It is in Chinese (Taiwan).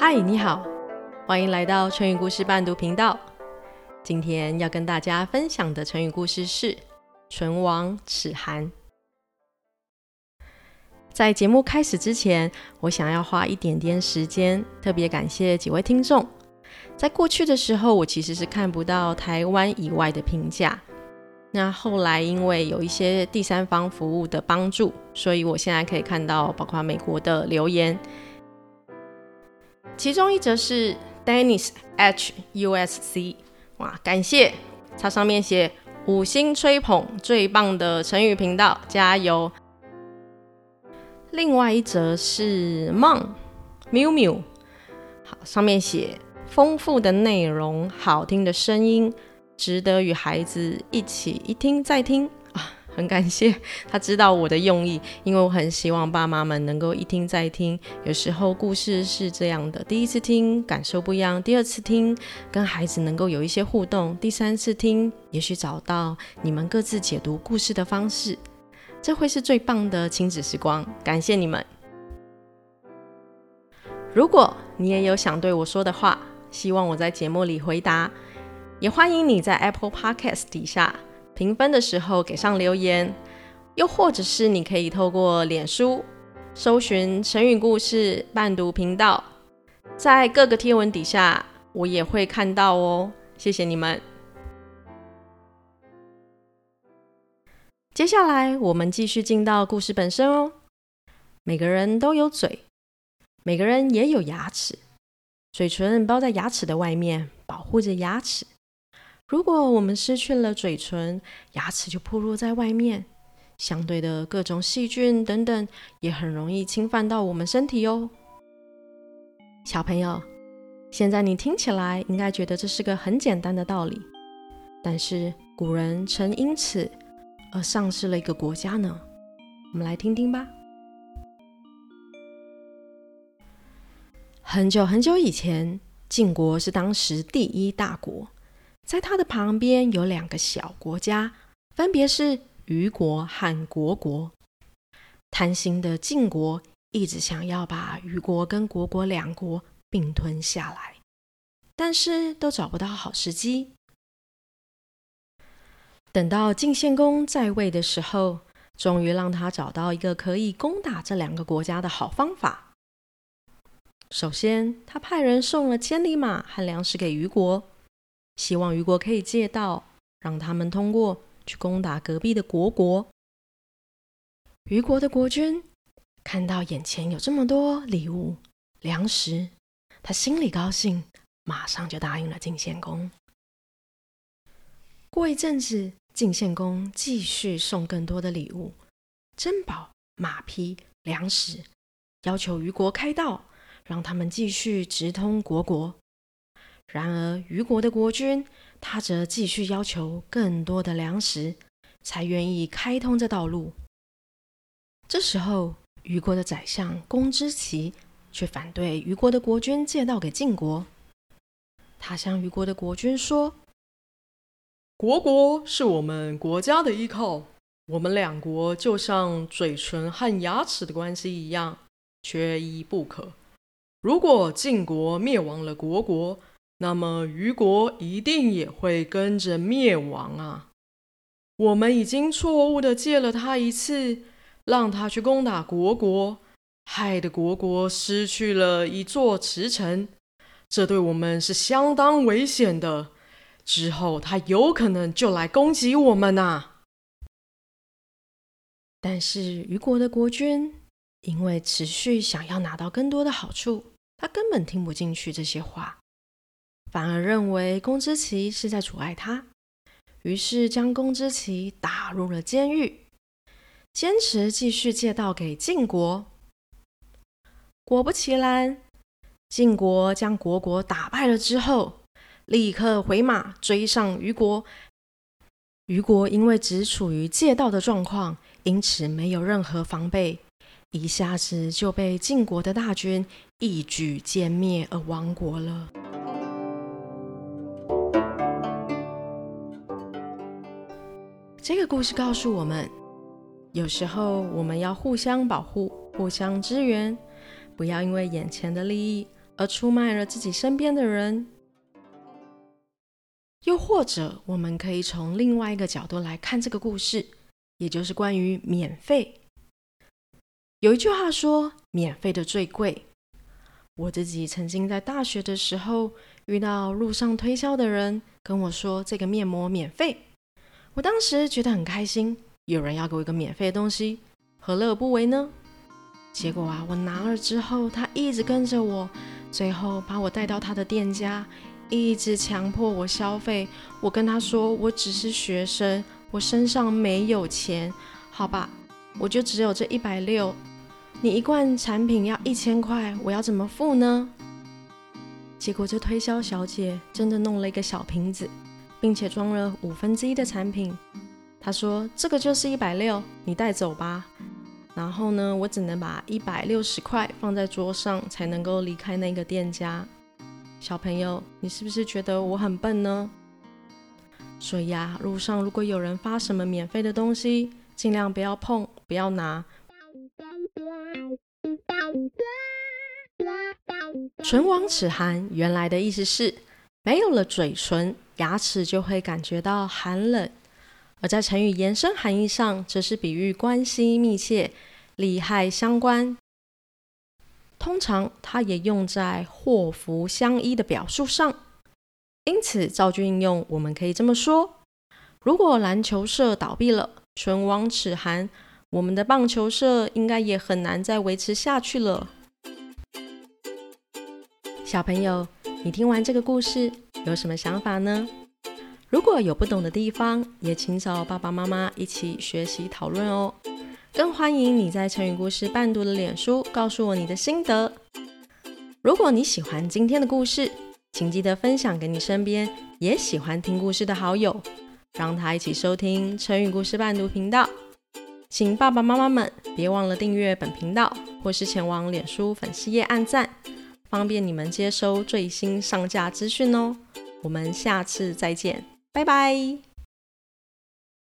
嗨，你好，歡迎來到成語故事伴讀頻道。今天要跟大家分享的成語故事是“唇亡齒寒”。在節目開始之前，我想要花一點點時間，特別感謝幾位聽眾。在過去的時候，我其實是看不到台灣以外的評價。那後來因為有一些第三方服務的幫助，所以我現在可以看到包括美國的留言。其中一則是 Dennis H U S C，哇，感謝！它上面寫五星吹捧最棒的成語頻道，加油！另外一則是 Mum Miu Miu，好，上面寫豐富的內容，好聽的聲音，值得與孩子一起一聽再聽。很感謝他知道我的用意，因為我很希望爸媽們能夠一聽再聽。有時候故事是這樣的：第一次聽感受不一樣，第二次聽跟孩子能夠有一些互動，第三次聽也許找到你們各自解讀故事的方式，這會是最棒的親子時光。感謝你們！如果你也有想對我說的話，希望我在節目裡回答，也歡迎你在 Apple Podcast 底下。評分的時候給上留言，又或者是你可以透過臉書搜尋成語故事伴讀頻道，在各個貼文底下我也會看到哦，謝謝你們。接下來我們繼續進到故事本身哦。每個人都有嘴，每個人也有牙齒，嘴唇包在牙齒的外面，保護着牙齒。如果我們失去了嘴唇，牙齒就暴露在外面，相對的各種細菌等等也很容易侵犯到我們身體喲、哦。小朋友，現在你聽起來應該覺得這是個很簡單的道理，但是古人曾因此而喪失了一個國家呢。我們來聽聽吧。很久很久以前，晉國是當時第一大國。在他的旁邊有兩個小國家，分別是虞國和虢國。貪心的晉國一直想要把虞國跟虢國兩國併吞下來，但是都找不到好時機。等到晉獻公在位的時候，終於讓他找到一個可以攻打這兩個國家的好方法。首先，他派人送了千里馬和糧食給虞國。希望虞國可以借道，讓他們通過去攻打隔壁的虢國。虞國的國君看到眼前有這麼多禮物、糧食，他心裡高興，馬上就答應了晉獻公。過一陣子，晉獻公繼續送更多的禮物、珍寶、馬匹、糧食，要求虞國開道，讓他們繼續直通虢國。然而虞國的國君，他則繼續要求更多的糧食，才願意開通這道路。這時候，虞國的宰相宮之奇卻反對虞國的國君借道給晉國。他向虞國的國君說：“國國是我們國家的依靠，我們兩國就像嘴唇和牙齒的關係一樣，缺一不可。如果晉國滅亡了國國，那麼虞國一定也會跟着滅亡啊！我們已經錯誤的借了他一次，讓他去攻打虢國，害得虢國失去了一座池城，這對我們是相當危險的。之後他有可能就來攻擊我們吶、啊！但是虞國的國君因為持續想要拿到更多的好處，他根本聽不進去這些話。反而認為宮之奇是在阻礙他，於是將宮之奇打入了監獄，堅持繼續借道給晉國。果不其然，晉國將虢國打敗了之後，立刻回馬追上虞國。虞國因為只處於借道的狀況，因此沒有任何防備，一下子就被晉國的大軍一舉殲滅而亡國了。這個故事告訴我們，有時候我們要互相保護、互相支援，不要因為眼前的利益而出賣了自己身邊的人。又或者，我們可以從另外一個角度來看這個故事，也就是關於免費。有一句話說：“免費的最貴。”我自己曾經在大學的時候遇到路上推銷的人，跟我說：“這個面膜免費。”我當時覺得很開心，有人要給我一個免費的東西，何樂而不為呢？結果啊，我拿了之後，他一直跟着我，最後把我帶到他的店家，一直強迫我消費。我跟他說，我只是學生，我身上沒有錢，好吧，我就只有這一百六。你一罐產品要一千塊，我要怎麼付呢？結果這推銷小姐真的弄了一個小瓶子。並且裝了五分之一的產品，他說：“這個就是一百六，你帶走吧。”然後呢，我只能把一百六十塊放在桌上，才能夠離開那個店家。小朋友，你是不是覺得我很笨呢？所以呀、啊，路上如果有人發什麼免費的東西，盡量不要碰，不要拿。唇亡齒寒，原來的意思是沒有了嘴唇。牙齒就會感覺到寒冷，而在成語延伸含義上，則是比喻關係密切、利害相關。通常，它也用在禍福相依的表述上。因此，造句應用我們可以這麼說：如果籃球社倒閉了，脣亡齒寒，我們的棒球社應該也很難再維持下去了。小朋友，你聽完這個故事，有什麼想法呢？如果有不懂的地方，也請找爸爸媽媽一起學習討論哦。更歡迎你在成語故事伴讀的臉書告訴我你的心得。如果你喜歡今天的故事，請記得分享給你身邊也喜歡聽故事的好友，讓他一起收聽成語故事伴讀頻道。請爸爸媽媽們別忘了訂閱本頻道，或是前往臉書粉絲頁按讚，方便你們接收最新上架資訊哦。我們下次再見，拜拜。